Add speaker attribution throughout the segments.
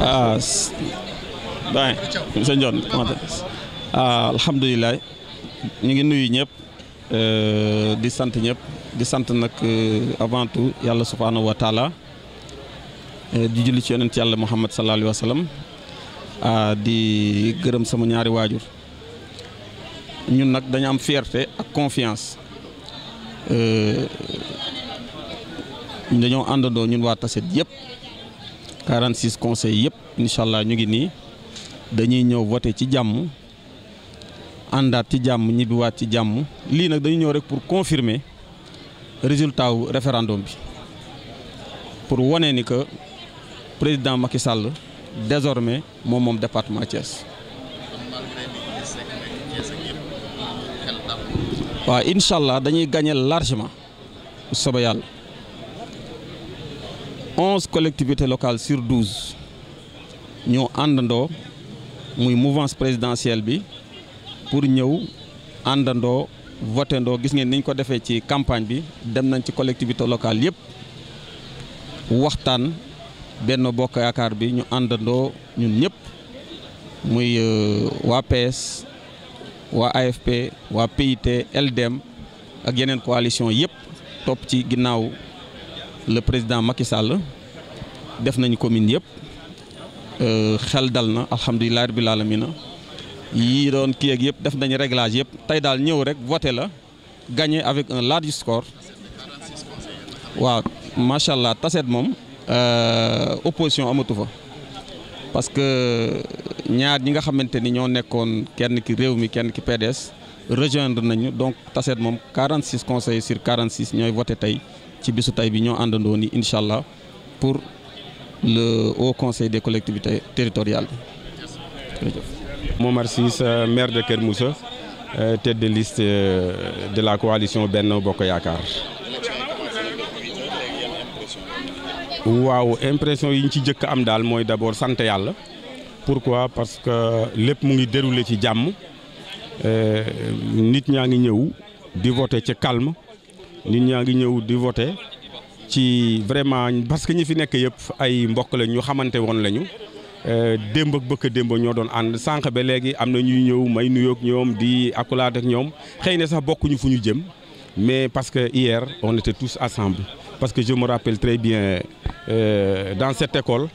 Speaker 1: Ah,
Speaker 2: ben, monsieur John, comment ah, ñu ngi nuyu ñëpp euh, di sant ñëpp di sant nag euh, avantu yàlla subhaanahu wa euh, di julli ci yonent yàlla Muhammad sallallahu alayhi wa sallam ah, di gërëm sama ñaari waajur ñun nag dañu am fierté ak confiance dañoo àndandoo ñun waa Tassette yëpp. 46 conseils yëpp incha allah ñu ngi nii dañuy ñëw voté ci jàmm àndaat ci jàmm ñibbiwaat ci jàmm lii nag dañu ñëw rek pour confirmer résultat wu référendum bi pour wane ni que président Macky Sall désormais moom moom département Thiès. waaw incha allah dañuy gagné largement bu yàlla. onze collectivité locale sur douze ñoo àndandoo muy mouvance présidentielle bi pour ñëw àndandoo voté ndoo gis ngeen niñ ko defee ci campagne bi dem nañ ci collectivité locale yëpp waxtaan benn bokk yaakaar bi ñu àndandoo ñun ñëpp muy euh, waa PS waa AFP waa PIT LDM ak yeneen coalition yëpp topp ci ginnaaw. le président Macky Sall def nañu commune yëpp euh, xel dal na alhamdulilah rabbil alamina yi doon kii ak yëpp def nañu réglage yëpp tey daal ñëw rek voté la gagné avec un large score waaw macha allah taseet moom euh, opposition amatu fa parce que euh, ñaar ñi nga xamante ni ñoo nekkoon kenn ki réew mi kenn ki PDS. rejoindre nañu donc Tassette moom 46 conseillers sur 46 ñooy voté tey ci bisu tey bi ñoo àndandoo ni incha allah pour le haut conseil des collectivités territoriales bi. Momar Ciss maire de Kër
Speaker 3: Moussa euh, tête de euh, de la coalition benn Bokk Yaakaar. waaw impression yi ñu ci jëkk am daal mooy d'abord sant yàlla pourquoi parce que lépp mu ngi déroulé ci jàmm. Euh, nit ñaa ngi ñëw di voter ci calme nit ñaa ngi ñëw di voter ci vraiment parce que ñi fi nekk yëpp ay mbokk la ñu xamante woon lañu euh, démb ak bëkk démb ñoo doon ànd sànq be léegi am na ñuy ñëw may nuyoog ñoom di accolade ak ñoom xëy na sax bokkuñu fu ñu jëm mais parce que hier on était tous ensemble parce que je me rappelle très bien euh, dans cette école.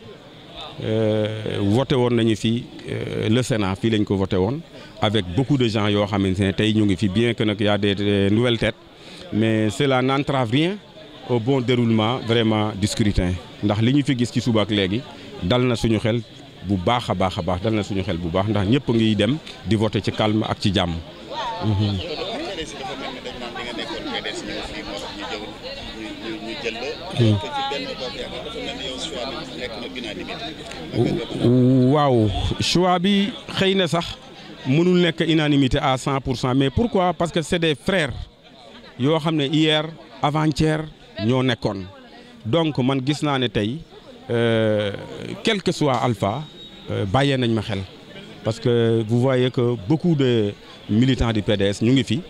Speaker 3: Euh, voté woon nañu fii euh, le Sénat fii lañ ko voté woon avec beaucoup de gens yoo xamante ne tey ñu ngi fi bien que nag y de des nouvelles têtes mais cela n'entrave rien au bon déroulement vraiment du ndax li ñu fi gis ci suba ak léegi dal na suñu xel bu baax a baax a baax dal na suñu xel bu baax ndax ñëpp ngiy dem di voté ci calme ak ci jàmm. Mhm. Hmm. waaw choix bi xëy na sax mënul nekk unanimité à 100 pour cent mais pourquoi parce que c' est des frères yoo xam ne hier avant-hier ñoo nekkoon donc man gis naa ne tey euh, quel que soit Alpha euh, bàyyee nañ ma xel. parce que vous voyez que beaucoup de militants du PDS ñu ngi fi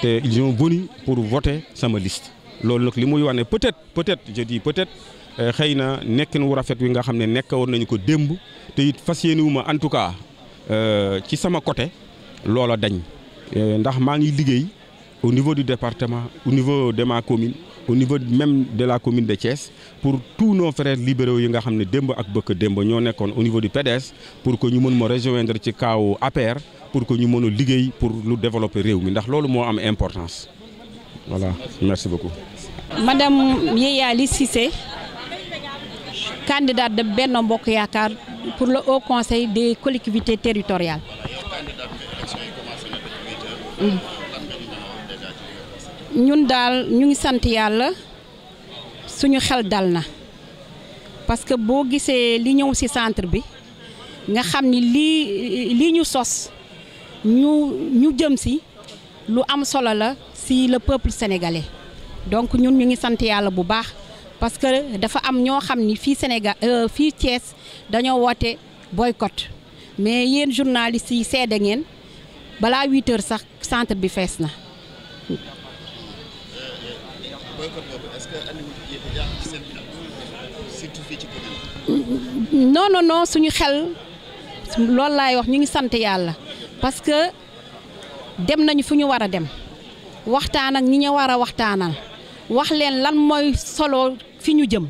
Speaker 3: te ils sont venus pour voter sama liste loolu nag li muy wax ne peut-être peut-être je dis peut-être euh, xëy na nekkin wu rafet wi nga xam ne nekk woon nañu ko démb te it fas yéene wu ma en tout cas euh, ci sama côté loola dañ euh, ndax maa ngi liggéey au niveau de département au niveau de commune au niveau même de la commune de Thiès pour tous nos frères libéraux yi nga xam ne démb ak bëkk démb ñoo nekkoon au niveau du PDS pour que ñu mën ma rejoindre ci kaaw APR pour que ñu mën a liggéey pour lu développer réew mi ndax loolu moo am importance voilà merci beaucoup.
Speaker 4: Madame Yeyali Cissé candidate de benn mbokk Yaakaar pour le Haut Conseil des collectivités territoriales. Mmh. ñun daal ñu ngi sant yàlla suñu xel dal na parce que boo gisee li ñëw ci centre bi nga xam ni lii lii ñu sos ñu ñu jëm si lu am solo la si le peuple sénégalais donc ñun ñu ngi sant yàlla bu baax parce que dafa am ñoo xam ni fii Sénégal euh, fii Thiès dañoo woote boycott mais yéen journalistes yi seede ngeen balaa huit sax centre bi fees na non non non suñu xel loolu lay wax ñu ngi sant yàlla parce que dem nañu fu ñu war a dem waxtaan ak ñi ñu war a waxtaanal wax leen lan mooy solo fi ñu jëm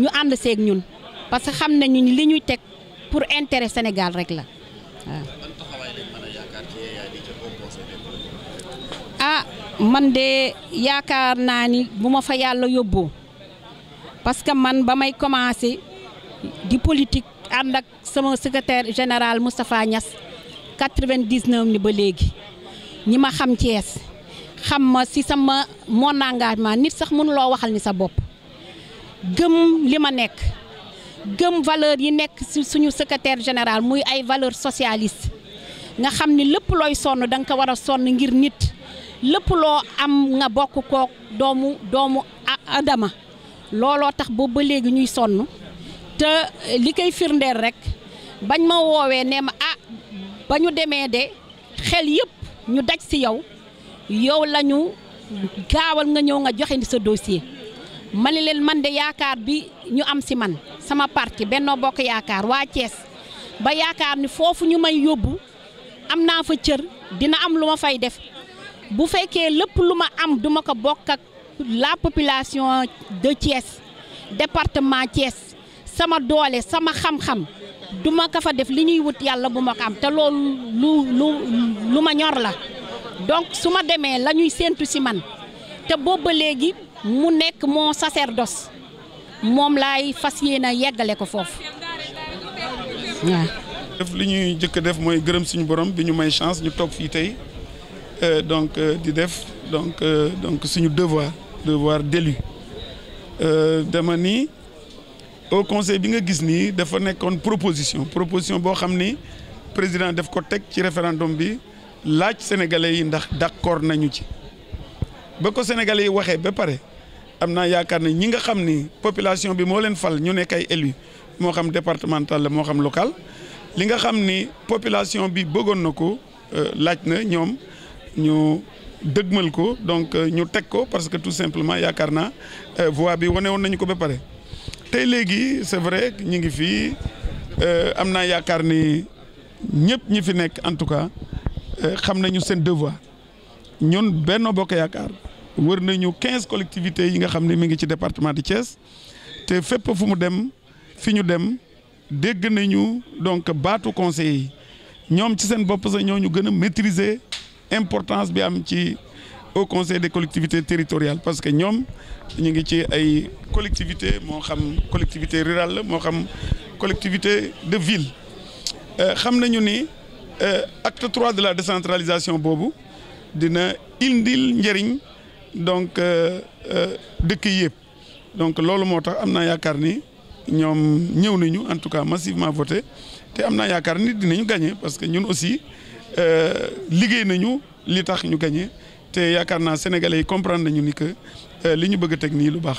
Speaker 4: ñu ànd seeg ñun parce que xam nañu li ñuy teg pour intérêt Sénégal rek la ah man de yaakaar naa ni bu ma fa yàlla yóbboo parce que man ba may commencé di politique ànd ak sama secrétaire général Moustapha Niass 99 ni ba léegi ñi ma xam Thiès xam ma si sama mon engagement nit sax mënuloo waxal ni sa bopp gëm li ma nekk gëm valeur yi nekk si suñu secretaire général muy ay valeur socialiste nga xam ni lépp looy sonn da ko war a sonn ngir nit lépp loo am nga bokk kook doomu doomu adama looloo tax boobu ba léegi ñuy sonn te li koy firndeel rek bañ ma woowee ne ma ah ba ñu demee de xel yëpp ñu daj si yow yow lañu ñu gaawal nga ñëw nga joxe ni sa dossier ma ne leen man de yaakaar bi ñu am si man sama parti Benno Bokk Yaakaar waa cees ba yaakaar ni foofu ñu may yóbbu am naa fa cër dina am lu ma fay def bu fekkee lépp lu ma am duma ko bokk ak la population de Thiès département Thiès sama doole sama xam-xam duma ko fa def li ñuy wut yàlla bu ma ko am te loolu lu lu lu ma ñor la donc su ma demee la ñuy séentu si man te boobu léegi mu nekk mon sacerdoce moom laay fas yéene yeggale ko foofu
Speaker 5: waaw. def li ñuy njëkk def mooy gërëm suñu borom bi ñu may chance ñu toog fii tey. Euh, donc euh, di def donc euh, donc suñu devoir devoir d'élu dama ni au conseil bi nga gis nii dafa nekkoon proposition proposition boo xam ni président def ko teg ci référendum bi laaj sénégalais yi ndax d'accord nañu ci ba ko sénégalais yi waxee ba pare am naa yaakaar ne ñi nga xam ni population bi moo leen fal ñu nekk ay élus moo xam départemental la moo xam local li nga xam ni population bi bëggoon na ko laaj na ñoom ñu dëgmal ko donc euh, ñu teg ko parce que tout simplement yaakaar naa euh, voie bi wane woon nañu ko ba pare tey léegi c'est vrai ñu ngi fii euh, am naa yaakaar ni ñëpp ñi fi nekk en tout cas xam nañu seen devoir ñun benn Bokk Yaakaar wër nañu quinze collectivités yi nga xam ni mi ngi ci département de Thiès te fépp fu mu dem fi ñu dem dégg nañu donc baatu conseil yi ñoom ci seen bopp sax ñoo ñu gën a maîtriser importance bi am ci au conseil de collectivités territoriales parce que ñoom ñu ngi ci ay collectivité moo xam collectivité rurale la moo xam collectivité de ville euh, xam nañu ni euh, acte trois de la décentralisation boobu dina indil njëriñ donc euh, dëkk yëpp donc loolu moo tax am na yaakaar ni ñoom na nañu en tout cas massivement voté te am na yaakaar ni dinañu gagné parce que ñun aussi Euh, liggéey nañu li tax ñu gagné te yaakaar naa sénégalais yi comprendre nañu ni que euh, li ñu bëgg a teg nii lu baax.